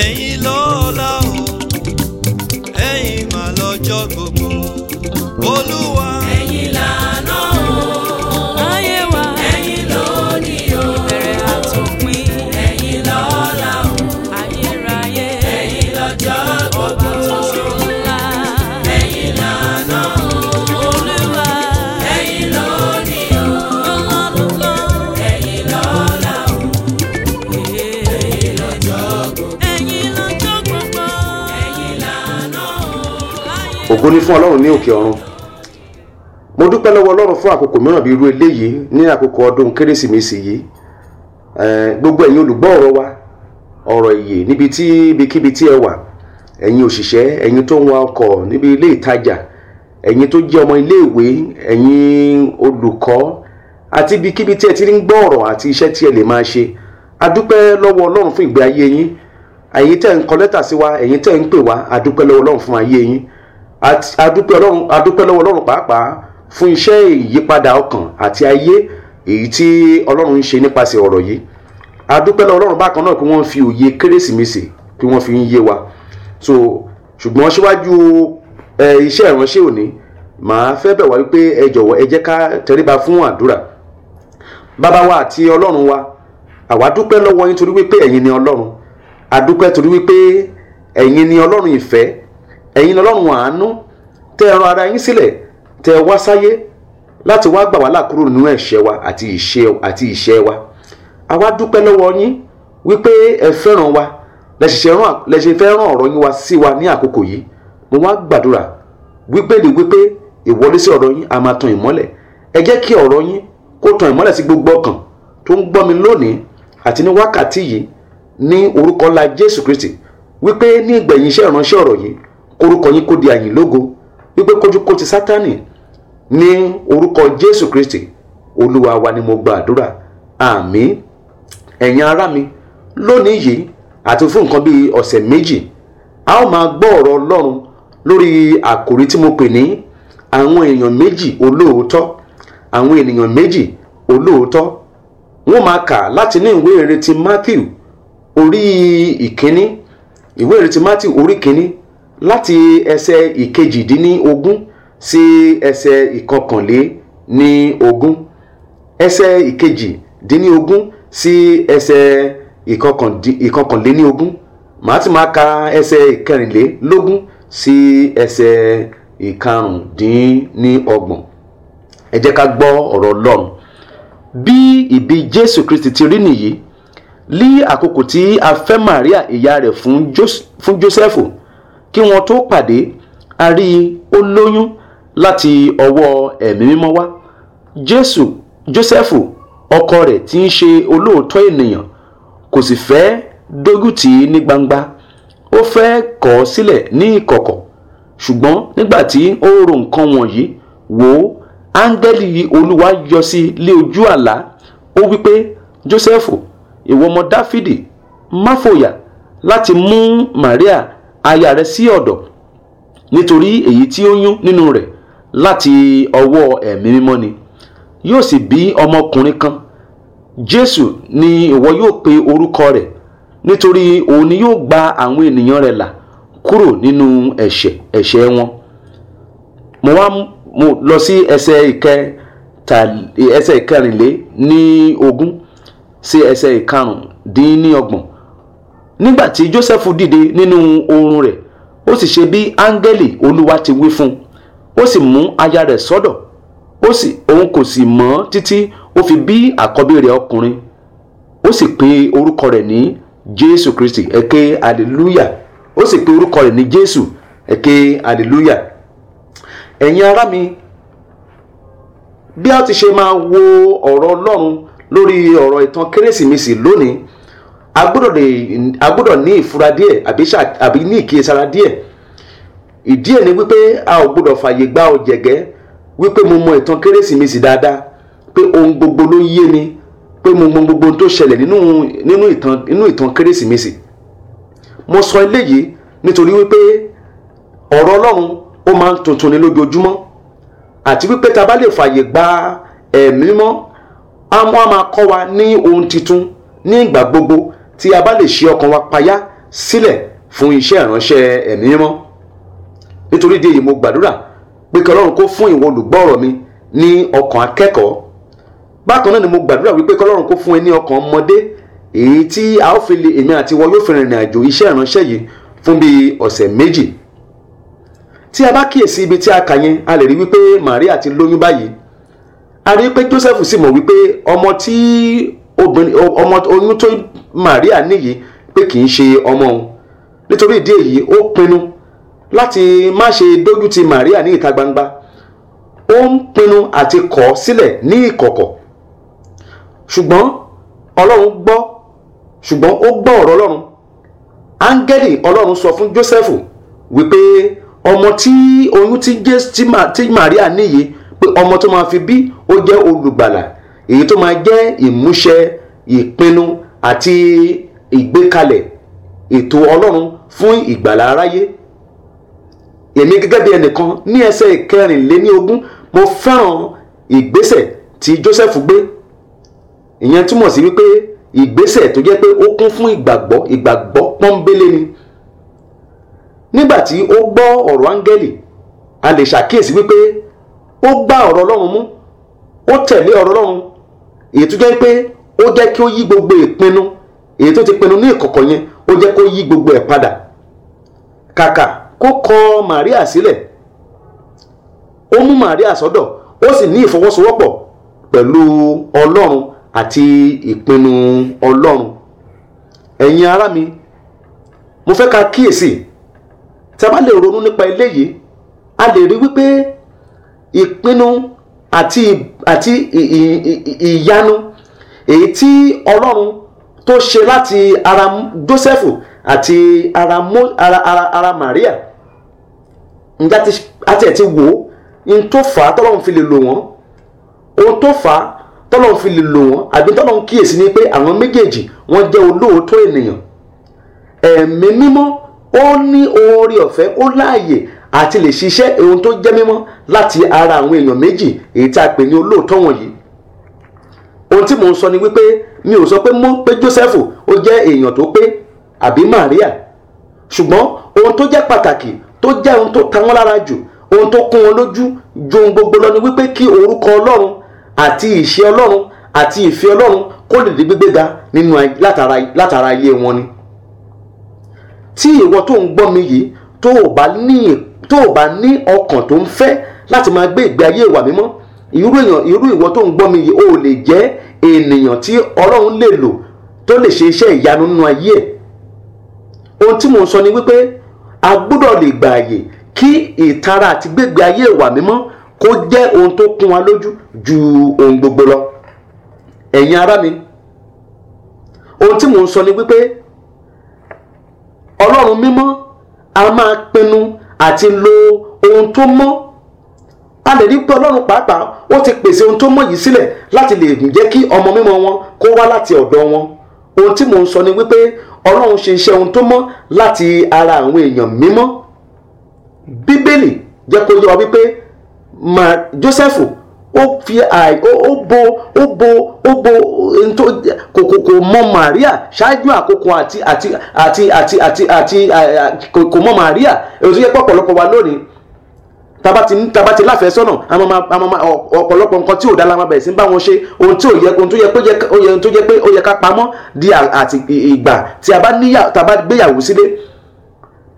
ẹ̀yin lọ́la o ẹ̀yin mà lọ́jọ́ gbogbo olúwa. ògo ni fún ọlọ́run ní òkè ọ̀run mo dúpẹ́ lọ́wọ́ ọlọ́run fún àkókò mìíràn bíi irú eléyìí ní àkókò ọdún kérésìmesì yìí gbogbo ẹ̀yin olùgbọ́ ọ̀rọ̀ wa ọ̀rọ̀ ìyè níbi tí ibikíbi tí ẹ wà ẹ̀yin òṣìṣẹ́ ẹ̀yin tó ń wa ọkọ̀ níbi ilé ìtajà ẹ̀yin tó jẹ́ ọmọ iléèwé ẹ̀yin olùkọ́ àti ibikíbi tí ẹ ti ń gbọ́ ọ̀rọ̀ àti iṣẹ́ tí ẹ lè máa ṣe adúpẹ́ lọ́wọ́ ọlọ́run fún ìgbé ayé yín ẹ̀yin tẹ́ ń kọ lẹ́tà sí wa ẹ̀yin tẹ́ ń pè wá adúpẹ́ lọ́wọ́ ọlọ́run fún ayé yín adúpẹ́ ọlọ́run adúpẹ́ lọ́wọ́ ọlọ́run pàápàá fún iṣẹ́ ìyípadà ọkàn àti ayé èyí tí ọlọ́run ń ṣe nípasẹ̀ ọ̀rọ̀ yìí adúpẹ́ lọ́wọ́ ọlọ́run bákan náà pé wọ́n fi òye kérésìmesì pé wọ́n fi ń yé wa so ṣùgbọ́n síwájú iṣẹ́ ìránṣẹ́ òní màá fẹ́ bẹ̀ wá wípé ẹ jọ̀wọ́ ẹ jẹ́ ká tẹríba fún àdúrà bàbá wa àti ọlọ́run wa àwa dúpẹ́ lọ́wọ́ yín torí wípé ẹ̀yin ni ọlọ́run adúpẹ́ torí wípé ẹ̀yin ni ọlọ́run ìfẹ́ ẹ̀yin ọlọ́run àánú tẹ́ ẹ rán ara yín sílẹ̀ tẹ́ ẹ wá sáyé láti wá gbà wá là nínú ẹ̀ṣẹ̀ wa àti ìṣẹ́ àti ìṣẹ́ wa àwa dúpẹ́ lọ́wọ́ yín wípé ẹ fẹ́ràn wa lẹ́sẹ̀ fẹ́ rán ọ̀rọ̀ yín wá sí wa ní àkókò yìí mo wá gbàdúrà wípé lè wípé ìwọlé sí ọ̀rọ̀ yín a máa tan ìmọ́lẹ̀ ẹ jẹ́ kí ọ̀rọ̀ yín kó tan ìmọ́lẹ̀ sí gbogbo ọkàn tó ń gbọ́ mi lónìí àti ní wákàtí yìí ní orúkọ ńlá Jésù Kristi wípé ní ìgbẹ̀yìn iṣẹ́ ìránṣẹ́ ọ̀rọ̀ yìí orúkọ yín kó di àyìn lógo wípé kójúkójú sátánì ní orúkọ jésù kristi olúwa wa ni mo gba àdúrà àmín ẹ̀yin ará mi lónìí yìí àti fún nǹkan bíi ọ̀sẹ̀ méjì a ó máa gbọ́ ọ̀rọ̀ ọlọ́run lórí àkòrí tí mo pè ní àwọn èèyàn méjì olóòótọ́ àwọn ènìyàn méjì olóòótọ́ wọ́n máa kà láti ní ìwé ìrètí matthew orí ìkíní ìwé ìrètí matthew orí ìkíní láti ẹsẹ̀ ìkejìdínlógún sí ẹsẹ̀ ìkọkànléní ogún ẹsẹ̀ ìkejìdínlógún sí ẹsẹ̀ ìkọkànléní ogún màá ti máa ka ẹsẹ̀ ìkẹrìnlélógún sí ẹsẹ̀ ìkarùndínlọ́gbọ̀n ẹ jẹ́ ká gbọ́ ọ̀rọ̀ ọlọ́run bí ìbí jésù kristi ti rí nìyí ní àkókò tí a fẹ́ màríà ìyá rẹ̀ fún jósẹ́fù kí wọ́n tó pàdé a rí ó lóyún láti ọwọ́ ẹ̀mí mímọ́ wá jésù jósẹ́fù ọkọ rẹ̀ tí ń ṣe olóòótọ́ ènìyàn kò sì fẹ́ dógùtì ní gbangba ó fẹ́ kọ̀ ọ́ sílẹ̀ ní ìkọ̀kọ̀ ṣùgbọ́n nígbà tí ó rò nǹkan wọ̀nyí wò ó áńgẹ́lì olúwa yọ sí lé ojú àlá ó wípé jósẹ́fù ìwọ ọmọ dáfídì má fòyà láti mú màríà aya rẹ sí ọ̀dọ̀ nítorí èyí tí ó yún nínú rẹ̀ láti ọwọ́ ẹ̀mí mímọ́ ni yóò sì bí ọmọkùnrin kan jésù ni ìwọ yóò pe orúkọ rẹ̀ nítorí òun ni yóò gba àwọn ènìyàn rẹ̀ là kúrò nínú ẹ̀ṣẹ̀ ẹ̀ṣẹ̀ wọn mo wá mo lọ sí ẹsẹ̀ ìkẹ ta ẹsẹ̀ ìkẹrìnlé ní ogún sí ẹsẹ̀ ìkarùndínlọ́gbọ̀n nígbà Joseph Jósẹ́fù dìde nínú oorun rẹ̀ ó sì ṣe bí áńgẹ́lì Olúwa ti wí fún un ó sì mú aya rẹ̀ sọ́dọ̀ ó sì òun kò sì mọ̀ títí ó fi bí àkọ́bí rẹ̀ ọkùnrin ó sì pe orúkọ rẹ̀ ní Jésù Kristi ẹ ké hallelujah ó sì pe orúkọ rẹ̀ ní Jésù ẹ ké ẹ̀yin ará mi bí a ti ṣe máa wo ọ̀rọ̀ Ọlọ́run lórí ọ̀rọ̀ ìtàn kérésìmesì lónìí a gbọ́dọ̀ lè a ní ìfura díẹ̀ àbí ní ìkíyèsára díẹ̀ ìdí ẹ̀ ni wípé a ò gbọ́dọ̀ fààyè gba ọ̀jẹ̀gẹ́ wípé mo mọ ìtàn kérésìmesì dáadáa pé ohun gbogbo ló yé mi pé mo mọ gbogbo ohun tó ṣẹlẹ̀ nínú nínú ìtàn nínú ìtàn kérésìmesì mo sọ eléyìí nítorí wípé ọ̀rọ̀ ọlọ́run ó máa ń tuntun ní lójoojúmọ́ àti wípé ta bá lè fààyè gba ẹ̀mí mọ́ a máa kọ́ wa ní ohun titun ní ìgbà gbogbo tí a bá lè ṣe ọkàn wa payá sílẹ̀ fún iṣẹ́ ìránṣẹ́ ẹ̀mí mímọ́ nítorí di èyí mo gbàdúrà pé kí ọlọ́run kó fún ìwọ olùgbọ́ ọ̀rọ̀ mi ní ọkàn akẹ́kọ̀ọ́ bákan náà ni mo gbàdúrà wípé kí ọlọ́run kó fún ẹ ní ọkàn ọmọdé èyí tí a ó fi lè èmi àti ìwọ yóò fi rìnrìn àjò iṣẹ́ ìránṣẹ́ yìí fún bíi ọ̀sẹ̀ méjì tí a bá kíyèsí ibi tí a kà yẹn a lè rí wípé Maria ti lóyún báyìí a rí pé Joseph sì mọ̀ wípé ọmọ tí obìnrin ọmọ oyún Maria níyì pé kì í ṣe ọmọ òun nítorí ìdí èyí ó pinnu láti má ṣe dójú ti Maria ní ìta gbangba ó ń pinnu àti kọ̀ ọ́ sílẹ̀ ní ìkọ̀kọ̀ ṣùgbọ́n Ọlọ́run gbọ́ ṣùgbọ́n ó gbọ́ ọ̀rọ̀ Ọlọ́run áńgẹ́lì Ọlọ́run sọ fún Jósẹ́fù wípé ọmọ tí oyún tí Maria níyì pé ọmọ tó máa fi bí ó jẹ́ olùgbàlà èyí tó máa jẹ́ ìmúṣẹ ìpinnu àti ìgbékalẹ̀ ètò ọlọ́run fún ìgbàlá aráyé èmi gẹ́gẹ́ bí ẹnìkan ní ẹsẹ̀ ìkẹrìnléníogún mo fẹ́ràn ìgbésẹ̀ tí Joseph gbé ìyẹn túmọ̀ sí wípé ìgbésẹ̀ tó jẹ́ pé ó kún fún ìgbàgbọ́ ìgbàgbọ́ pọ́nbélé ni nígbà tí ó gbọ́ ọ̀rọ̀ áńgẹ́lì a lè ṣàkíyèsí wípé ó gbá ọ̀rọ̀ ọlọ́run mú ó tẹ̀lé ọ̀rọ̀ ọlọ́run èyí jẹ́ pé ó jẹ́ kí ó yí gbogbo ìpinnu èyí tó ti pinnu ní ìkọ̀kọ̀ yẹn ó jẹ́ kó yí gbogbo ẹ̀ padà kàkà kó kọ Màríà sílẹ̀ ó mú Màríà sọ́dọ̀ ó sì ní ìfọwọ́sowọ́pọ̀ pẹ̀lú Ọlọ́run àti ìpinnu Ọlọ́run ẹ̀yin ará mi mo fẹ́ ka kíyèsí tí a bá lè ronú nípa eléyìí a lè rí wípé ìpinnu àti ìyanu èyí tí ọlọ́run tó ṣe láti ara Jósẹ́fù àti ara mo ara ara ara Maria njẹ́ àti ẹ̀ ti wò ó ohun tó fà á tọ́lọ́run fi lè lò wọ́n ohun tó fà á tọ́lọ́run fi lè lò wọ́n àbí tọ́lọ́run kíyèsí ni pé àwọn méjèèjì wọ́n jẹ́ olóòótọ́ ènìyàn ẹ̀mí mímọ́ ó ní oore ọ̀fẹ́ ó láàyè àti lè ṣiṣẹ́ ohun tó jẹ́ mímọ́ láti ara àwọn èèyàn méjì èyí tá a pè ní olóòótọ́ wọ̀nyí ohun tí mò ń sọ ni wípé mi ò sọ pé mú pé Joseph ó jẹ́ èèyàn tó pé àbí Maria ṣùgbọ́n ohun tó jẹ́ pàtàkì tó jẹ́ ohun tó ta wọ́n lára jù ohun tó kún wọn lójú ju ohun gbogbo lọ ni wípé kí orúkọ Ọlọ́run àti ìṣe Ọlọ́run àti ìfẹ́ Ọlọ́run kó lè di gbígbéga nínú látara látara wọn ni tí ìwọ tó ń gbọ́ mi yìí tó o bá ní ọkàn tó ń fẹ́ láti máa gbé ìgbé ayé ìwà mímọ́ irú èèyàn irú ìwọ tó ń gbọ́ mi yìí ó lè jẹ́ ènìyàn tí ọlọ́run lè lò tó lè ṣe iṣẹ́ ìyanu nínú ayé ẹ̀ ohun tí mò ń sọ ni wípé a gbọ́dọ̀ lè gbà kí ìtara àti gbègbè ayé ìwà mímọ́ kó jẹ́ ohun tó kún wa lójú ju ohun gbogbo lọ ẹ̀yin ará mi ohun tí mò ń sọ ni wípé ọlọ́run mímọ́ a máa pinnu àti lo ohun tó mọ́ a lè rí pé ọlọ́run pàápàá ó ti pèsè ohun tó mọ̀ yìí sílẹ̀ láti lè jẹ́ kí ọmọ mímọ́ wọn kó wá láti ọ̀dọ̀ wọn ohun tí mò ń sọ ni wípé ọlọ́run ṣe iṣẹ́ ohun tó mọ́ láti ara àwọn èèyàn mímọ́ bíbélì jẹ́ kó yé wa wípé mà jósẹ́fù ó fi àì ó bo ó bo ó bo ntó kòkòkò mọ màríà ṣáájú àkókò àti àti àti àti àti kò mọ màríà èyí tó yẹ pọ̀pọ̀lọpọ̀ wa lónìí tabati tabati láfẹ̀ẹ́sọ́nà ọ̀pọ̀lọpọ̀ nǹkan tí ò dá la máa bẹ̀rẹ̀ sí bá wọn ṣe ohun tí ò yẹ ohun tó yẹ pé ó yẹ ká pamọ́ di àti ìgbà tí a bá níyà tá a bá gbéyàwó sílé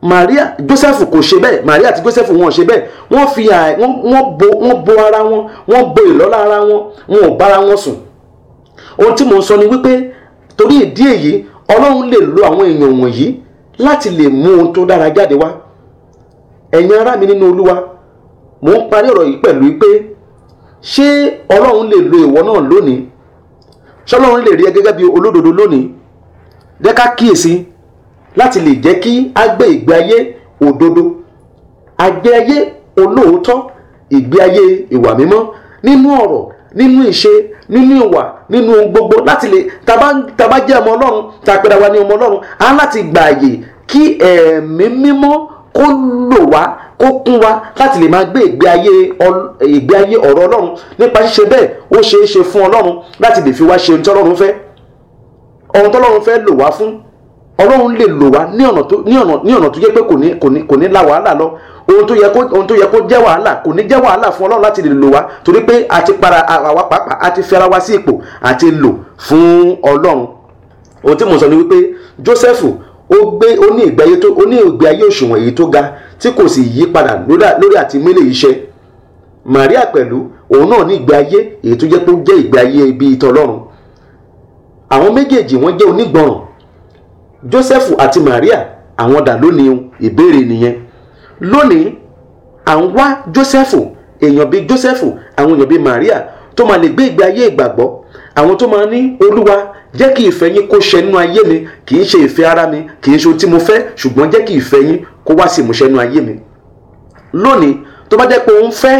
Maria Joseph kò ṣe bẹ́ẹ̀ Maria àti Joseph wọn ò ṣe bẹ́ẹ̀ wọ́n fi wọ́n bo wọ́n bo ara wọn wọ́n bo ìlọ́lá ara wọn wọn ò bára wọn sùn ohun tí mò ń sọ ni wípé torí ìdí èyí Ọlọ́run lè lo àwọn èèyàn wọ̀nyí láti lè mú ohun tó dára jáde wá ẹ̀yin ará mi nínú Olúwa mò ń parí ọ̀rọ̀ yìí pẹ̀lú pé ṣé ọlọ́run lè lo ìwọ náà lónìí ṣọlọ́run lè rí ẹ gẹ́gẹ́ bí olódodo lónìí jẹ́ ká kíyèsí láti lè jẹ́ kí á gbé ìgbé ayé òdodo àgbé ayé olóòótọ́ ìgbé ayé ìwà mímọ́ nínú ọ̀rọ̀ nínú ìṣe nínú ìwà nínú ohun gbogbo láti lè tàbá jẹ́ ọmọ ọlọ́run tàpẹ́rẹ́ wa ní ọmọ ọlọ́run á láti gbààyè kí ẹ̀mí mímọ́ kó lò wá kó kún wá láti lè máa gbé ìgbé ayé ìgbé ayé ọ̀rọ̀ ọlọ́run nípa ṣíṣe bẹ́ẹ̀ ó ṣeé ṣe fún ọlọ́run láti lè fi wá ṣe ohun tọ́lọ́run fẹ́ ohun tọ́lọ́run fẹ́ lò wá fún ọlọ́run lè lò wá ní ọ̀nà tó ní ọ̀nà ní ọ̀nà tó yẹ pé kò ní kò ní kò ní la wàhálà lọ ohun tó yẹ kó ohun tó jẹ́ wàhálà kò ní jẹ́ wàhálà fún ọlọ́run láti lè lò wá torí pé a ti para àwa pàápàá a ti fi ara wa sí ipò àti lò fún ọlọ́run ohun tí mo sọ ni wípé Jósẹ́fù ó gbé ó ní ìgbé ayé tó ó ní ìgbé ayé òṣùwọ̀n èyí tó ga tí kò sì yí padà lórí àti mílè iṣẹ́ Màríà pẹ̀lú òun náà ní ìgbé ayé èyí tó jẹ́ tó jẹ́ ìgbé ayé ibi ìtọ́lọ́run àwọn méjèèjì wọ́n jẹ́ onígbọràn Joseph àti Màríà àwọn dà lónìí ìbéèrè nìyẹn lónìí à ń wá Joseph èèyàn bíi Joseph àwọn èèyàn bíi Màríà tó máa lè gbé ìgbé ayé ìgbàgbọ́ àwọn tó máa ní Olúwa jẹ́ kí ìfẹ́ yín kó ṣẹ nínú ayé mi kì í ṣe ìfẹ́ ara mi kì í ṣe ohun tí mo fẹ́ ṣùgbọ́n jẹ́ kí ìfẹ́ yín kó wá sí ìmúṣẹ nínú ayé mi. lónìí tó bá jẹ́ pé òun fẹ́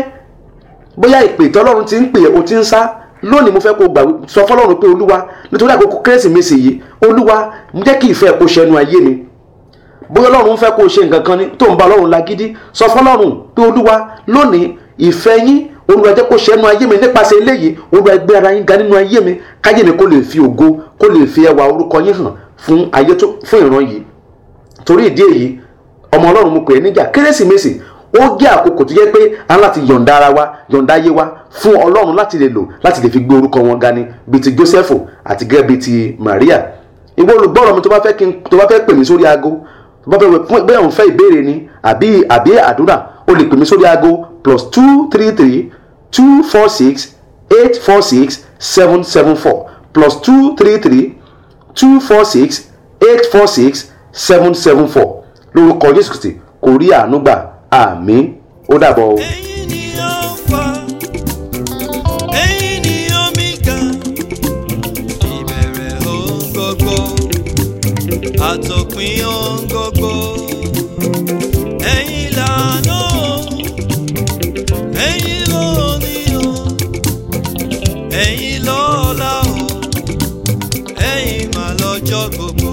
bóyá ìpè tọ́lọ́run ti ń pè ó ti ń sá lónìí mo fẹ́ kó gbà sọ fọlọ́run pé olúwa nítorí àkókò kérésìmesì yìí olúwa jẹ́ kí ìfẹ́ kó ṣẹ nínú ayé mi bóyá ọlọ́run fẹ́ kó ṣe nǹkan kan ni tó ń bá ọlọ́run lagídí sọ fọlọ́run pé olúwa lónìí ìfẹ́ yín olúwa jẹ́ kó ṣẹ́nu ayé mi nípasẹ̀ eléyìí olúwa gbé ara yín ga nínú ayé mi káyé mi kó lè fi ògo kó lè fi ẹwà orúkọ yín hàn fún ayé tó fún ìran yìí torí ìdí èyí ọmọ ọlọ́run mo pè é níjà kérésìmesì ó jẹ́ àkókò tó jẹ́ pé a láti yọ̀ǹda ara wa yọ̀ǹda ayé wa fún ọlọ́run láti lè lò láti lè fi gbé orúkọ wọn ga ni bíi ti Joseph àti gẹ́gẹ́ bíi ti Maria ìwọ olùgbọ́rọ̀ mi tó bá fẹ́ kí n tó bá fẹ́ pè mí sórí aago tó bá fẹ́ wẹ̀ fún bẹ́ẹ̀ òun fẹ́ ìbéèrè ni àbí àbí àdúrà o lè pè mí sórí aago plus two three three two four six eight four six seven seven four plus two three three two four six eight four six seven seven four lórúkọ Jésù Kristi kò rí àánú gbà àmín ó dàbọ̀ o. ẹ̀yin ni ó ẹ̀yin lọ́la o ẹ̀yin mà lọ́jọ́ gbogbo.